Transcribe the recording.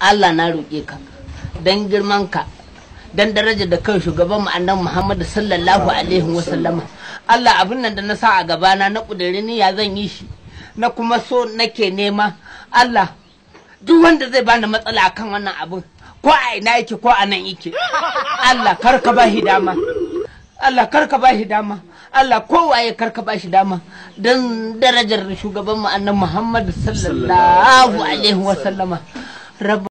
Allah na roƙe ka don girman ka don daraja da kan shugaban annan Muhammadu sallallahu alaihi wasallama Allah abin nan da na sa a gabana na ƙudurin ya zan yi shi na kuma so nake nema Allah duk wanda zai bani matsala akan wannan abin ko a ina yake ko a nan yake Allah kar ka ba shi dama Allah kar ka ba shi dama Allah kowaye kar ka ba shi dama don darajar shugaban mu annan Muhammadu sallallahu alaihi wasallama